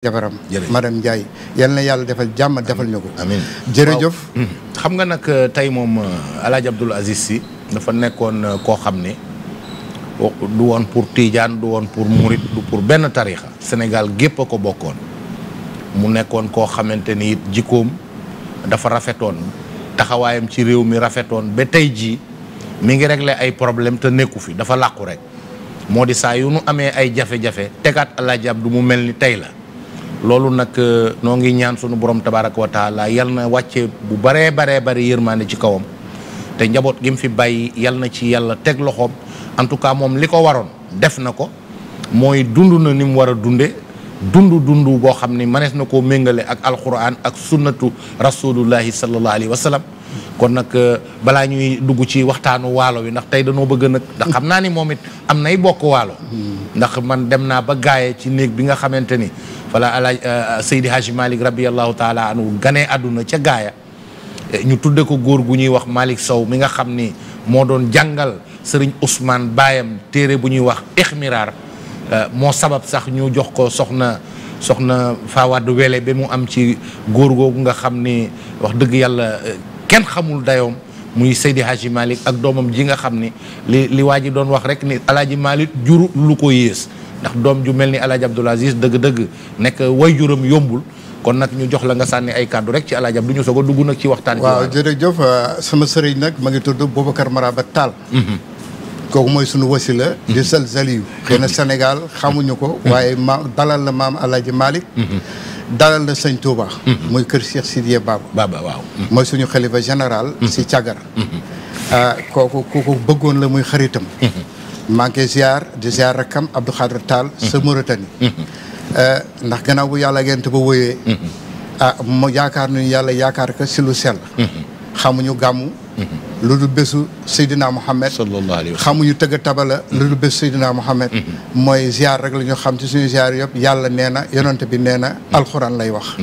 jafaram jabaram madame Ndiaye yal na yàlla defal jàmm defal ñu ko amiin jërëjëf hmm. xam nga nag euh, tey moom euh, Alaaji Abdoul Aziz Sy dafa nekkoon euh, koo xam ne du woon pour Tidiane du woon pour Murit du pour benn tarixa Sénégal gépp a ko bokkoon mu nekkoon koo xamante ni it jikkoom dafa rafetoon taxawaayam ci réew mi rafetoon ba tey jii mi ngi réglé ay problème te nekku fi dafa làqu rek moo di saa yu nu amee ay jafe-jafe tegaat Alaaji Abdu mu mel ni tey la loolu nag euh, noo ngi ñaan sunu borom tabaraka wa taala yal na wàcce bu baree baree bari yërmaande ci kawam te njaboot gi mu fi bàyyi yal na ci yàlla teg loxoom en tout cas moom li ko waroon def na ko mooy dund na ni mu war a dunde dund dund boo xam ni mënees na koo méngale ak alquran ak sunnatu rasulullahi sallallahu alayhi wa sallam kon nag euh, balaa ñuy dugg ci waxtaanu waalo wi ndax tey dañoo bëgg nag ndax xam naa ni moom it am nay bokk waalo ndax man dem naa ba gaaye ci néeg bi nga xamante ni fala alaaj euh, Seydi Hadji Malick radiallahu taala anhu ganee àdduna ca gaaya ñu tudde ko góor gu ñuy wax Malick Sow mi nga xam ni moo doon jàngal sëriñ Ousmane baayam téere bu ñuy wax Ixmiraar euh, moo sabab sax ñu jox ko soxna soxna Fawade Wele ba mu am ci góor googu nga xam ni wax dëgg yàlla kenn xamul dayoom muy Seydi Hadji Malick ak doomam ji nga xam ni li li waa ji doon wax rek ni alaaji Malick juru lu ko yées ndax doom ju mel ni alaaji Abdoul Aziz dëgg-dëgg nekk way juróom yombul kon nag ñu jox la nga sànni ay kàddu rek ci alaaji Abdou ñu soog a dugg nag ci waxtaan bi waaw jërëjëf euh, sama sëriñ nag ma ngi tudd Boubacar Maraba Tall mm-hmm. kooku mooy sunu wasila mm-hmm. di sal saliyu na mm-hmm. Sénégal xamuñu ko waaye ma dalal na maam alaaji Malick dalal na sëñ Touba. Mm-hmm. muy kër Cheikh Sidiye Baba. Baba waaw. Mm-hmm. mooy suñu xalifa général. Mm-hmm. si Cagara. Ah, kooku kooku bëggoon la muy xaritam. maa ngi ziar di ziar rakam Abdou Khadre Tall. sa Mauritanie. Eh, ndax gannaaw bu yàlla gent ba wóyee. ah yaakaar nañu yàlla yaakaar ko si lu sell. xamuñu gàmmu. Mm-hmm. lu dul bésu Seydina Mohamed. sallallahu alayhi wa sallam xamuñu tëgg tabala. lu dul bésu Seydina Mohamed. Mm-hmm. mooy ziar rek la ñu xam ci suñu ziar yëpp yàlla nee na yonante bi nee na mm-hmm. alxuraan lay wax.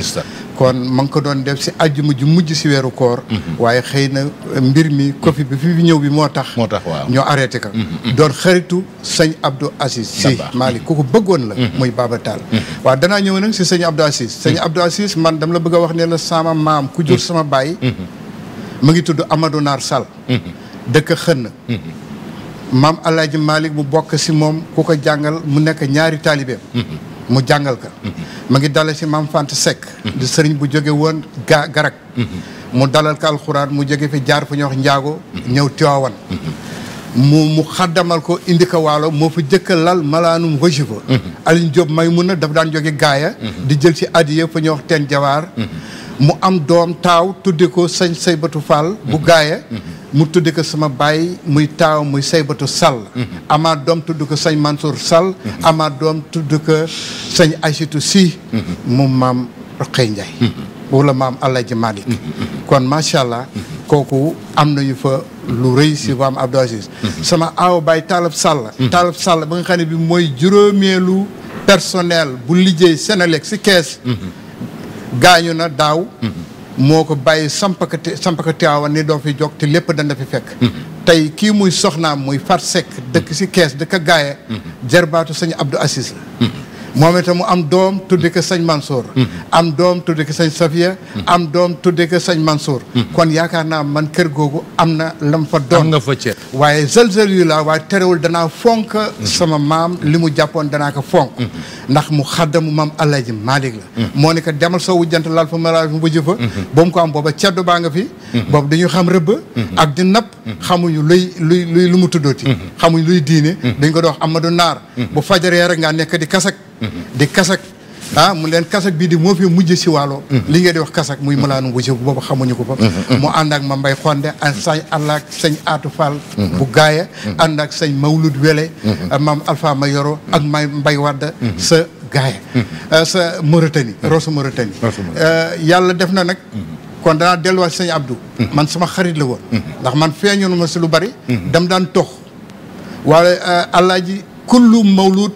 kon ma ngi ko doon def si àjjuma ju mujj si weeru koor. waaye xëy na mbir mi Covid bi fi ñëw bi moo tax. moo tax waaw ñoo arrêté ko. doon xaritu sëñ Abdou Aziz si Malick ku ko bëggoon la. muy Baba Tall. waaw danaa ñëw nag si sëñ Abdou Aziz. sëñ Abdou Aziz man dama la bëgg a wax ne la saama maam ku jur sama baay. mu ngi tudd Amadou Naar Sall dëkk xënn maam Alaaji Malick mu bokk si moom ku ko jàngal mu nekk ñaari taalibeem mu jàngal ka ma ngi dale si maam Fanta Seck di sëriñ bu jóge woon ga mu dalal ka alxuraan mu jóge fi jaar fu ñuy wax njaago ñëw Tiwaawan mu mu xaddamal ko indi ko waalo moo fa jëkka lal malaanum wajifa Alioune Diop may mun na daf daan jóge gaaya di jël si adiya fu ñuy wax teen jawaar mu am doom taaw tudde ko sëñ Saybatu Fall bu mhm. gaaya mhm. mu tudde ko sama baay muy taaw muy Saybatu Sall mhm. amaa doom tudde ko sëñ Mansour Sall amaa doom tudde ko sëñ Aysatu Si mu maam Roqee Njaay wala maam Alaaji Malick kon macha allah kooku am nañu fa lu rëy si waam Abdou sama aaw baay Taalab Sall Taalab Sall ba nga xam ne bi mooy juróomeelu personnel bu liggéey Senelec si kees gaañu na daaw moo ko bàyyi sampaka sampaka tiwaawan ni doo fi jóg te lépp dana fi fekk tey kii muy soxnaam muy far sekk dëkk si kees dëkk a gaaye mm-hmm. jarbaatu sëñ Abdou Assis moom itam mu am doom tudde ko sëñ Mansour. Mm-hmm. am doom tudd ko sëñ Safia. Mm-hmm. am doom tudde ko sëñ Mansour. Mm-hmm. kon yaakaar naa man kër googu am na lam fa doon. am nga fa cër waaye zëlzël yu la waaye terewul danaa fonk. sama maam li mu jàppoon danaa ko fonk. ndax mu xaddamu maam Alaaji Maalik la. moo ne ko demal sa jant laal fa maraaj mu bëjj fa. ba mu ko am booba ceddo baa nga fi. boobu dañu xam rëbb. ak di napp. xamuñu luy luy lu mu tuddooti. xamuñu luy diine. dañ ko doon wax Amadou Naar. bu fajaree rek ngaa nekk di kasak. di kasak ah mu leen kasak bii di moo fi mujj si waalo li ngeen di wax kasak muy bu wusi boobu xamuñu ko fa mu ànd ak ma mbay xonde ak sañ àllaak sañ aatu fall bu gaaya ànd ak sañ mawlud wele maam alpha ak may mbay wadda sa gaaya ah sa Mauritanie Rosso Mauritanie ah yàlla def na nag kon danaa delluwaat sëñ Abdou. man suma xarit la woon. ndax man feeñoon ma si lu bari. dam daan tox. wala ah, alaaji kullu mawlud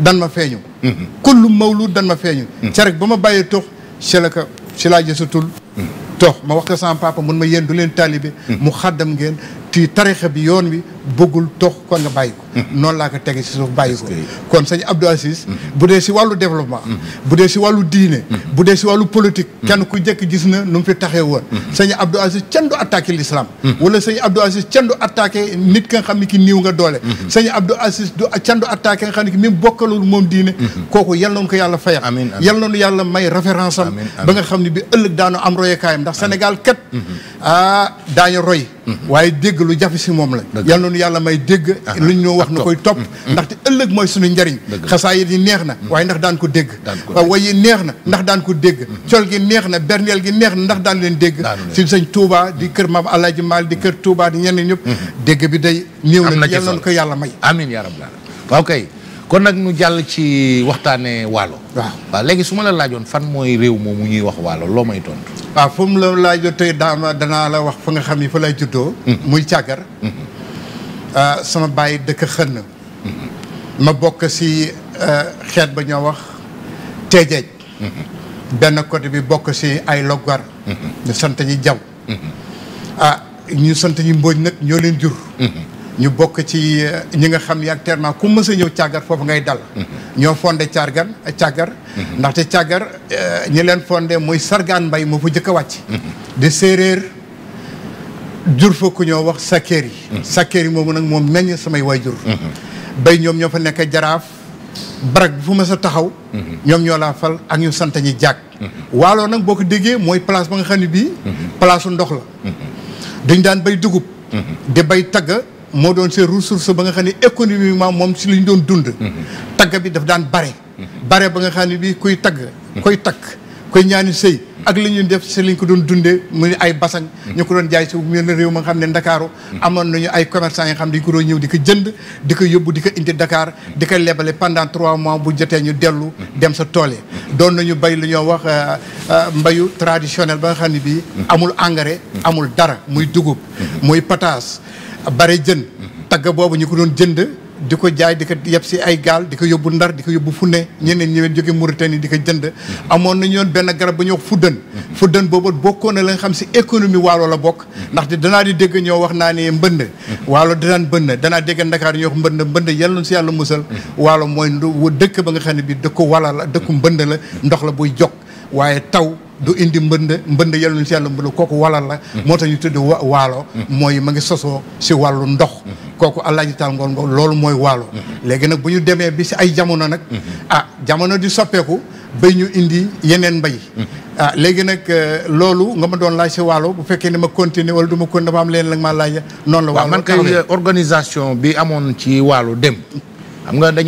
dan ma feeñu kullu mawlud dan ma feeñu ca rek ba ma bàyyee tux ci la ka ci laa jësatul ma wax ko sama papa mun ma yéen du leen taalibe mu xaddam ngeen ti tarixa bi yoon wi bëggul tox kon nga bàyyi ko. Mm-hmm. noonu laa ko tege si suuf bàyyi ko. kon sëñ Abdou Aziz. Mm-hmm. bu dee si wàllu développement. Mm-hmm. bu dee si wàllu diine. bu dee si wàllu politique. kenn ku njëkk gis na nu mu fi taxee woon. sëñ Abdou Aziz kenn du attaqué l'islam. wala sëñ Abdou Aziz kenn du attaqué nit ka nga xam ne ki niiw nga doole. sëñ Abdou Aziz du kenn du attaqué nga xam ne ki même bokkalul moom diine. kooku yal nañu ko yàlla fayal. amiin amiin yal yàlla may référence am. ba nga xam ne bi ëllëg daanu am royekaayam ndax Sénégal kat. ah daañu roy. waaye dégg lu yàlla may dégg lu ñu wax na koy topp mm-hmm. ndaxte ëllëg mooy suñu njariñ xasaayit yi neex na mm-hmm. waaye ndax daan ko dégg waaw way yi neex na ndax daan ko dégg mm-hmm. col gi neex na berneel gi neex na ndax daan leen dégg si sëñ Touba di kër maam Alaaji Maal di kër Touba di ñenn ñëpp dégg bi day néew na yàlla na ko yàlla may amiin yaa rabbal aalamiin waaw kay kon nag ñu jàll ci waxtaanee waalo waaw léegi su ma la laajoon fan mooy réew mu ñuy wax waalo loo may tontu waaw fu mu la laajoo la wax fa nga xam ni fa lay juddoo muy càggar Ah, sama bàyyi dëkk xënn ma bokk si ah, xeet ba ñoo wax teejeej benn côté bi bokk si ay loggar ñu sant ñi jaw ah ñu sant ñi mbóoj nag ñoo leen jur ñu bokk ci ñi nga xam yaag terment ku mës a ñëw càggar foofu ngay dal ñoo fondé càggar càggar ndaxte càggar eh, ñi leen fonde muy sargaan mbay moo fa jëkk a wàcc di séeréer jur fa ku ñoo wax sakkeer yi hmm. sakkeer yi moomu nag moom meññ samay waajur hmm. bay ñoom ñoo fa nekk jaraaf barag bu fa mës taxaw hmm. ñoom ñoo laa fal ak ñu sant ñi jàkk waaloo nag boo ko déggee mooy place ba nga xam ni bii place u ndox la dañ daan bay dugub di bay tagg moo doon seen ressource ba nga xam ne économiquement moom si li ñu doon dund tagg bi daf daan bare bare ba nga xam ni bii kuy tagg koy takk koy ñaani sëy ak li ñuy def si liñ ko doon dundee mu ay basañ ñu ko doon jaay si mel na réew ma nga xam ne ndakaaru amoon nañu ay commerçant yi nga xam ne dañu ko doon ñëw di ko jënd di ko yóbbu di ko indi Dakar di ko lebale pendant trois mois bu jotee ñu dellu dem sa tool yi doon nañu bay lu ñoo wax euh, euh, mbayu traditionnel ba nga xam ne bii amul engrais amul dara muy dugub muy pataas bare jën tagg boobu ñu ko doon jënd di ko jaay di ko yeb si ay gaal di ko yóbbu ndar di ko yóbbu funne ñeneen ñëween jóge Mauritanie di ko jënd amoon nañu benn garab ba ñu fuddën fuddan boobu bokkoon na la nga xam si économie waalo la bokk ndaxte danaa di dégg ñoo wax naa ne mbënd waalo di danaan mbënd danaa dégg Ndakaar ñoo wax mbënd mbënd yal na si yàlla musal waalo mooy dëkk ba nga xam ne bi dëkku wala la dëkku mbënd la ndox la buy jog waaye taw du indi mbënd mbënd yelluñ si yàlla mbënd kooku walla la mm-hmm. moo tax ñu tudd wa waalo mm-hmm. mooy ma ngi sosoo si wàllu ndox mm-hmm. kooku alaaji taal ngoon ngoon loolu mooy waalo léegi nag bu ñu demee bi si ay jamono nag ah jamono di soppeeku ba ñu indi yeneen mbay ah léegi nag euh, loolu nga ma doon laaj si waalo bu fekkee ne ma continuer wala du ma continuer ma am leen la ma maa laaj noonu la waalo man kay euh, organisation bi amoon ci waalo dem xam nga dañuy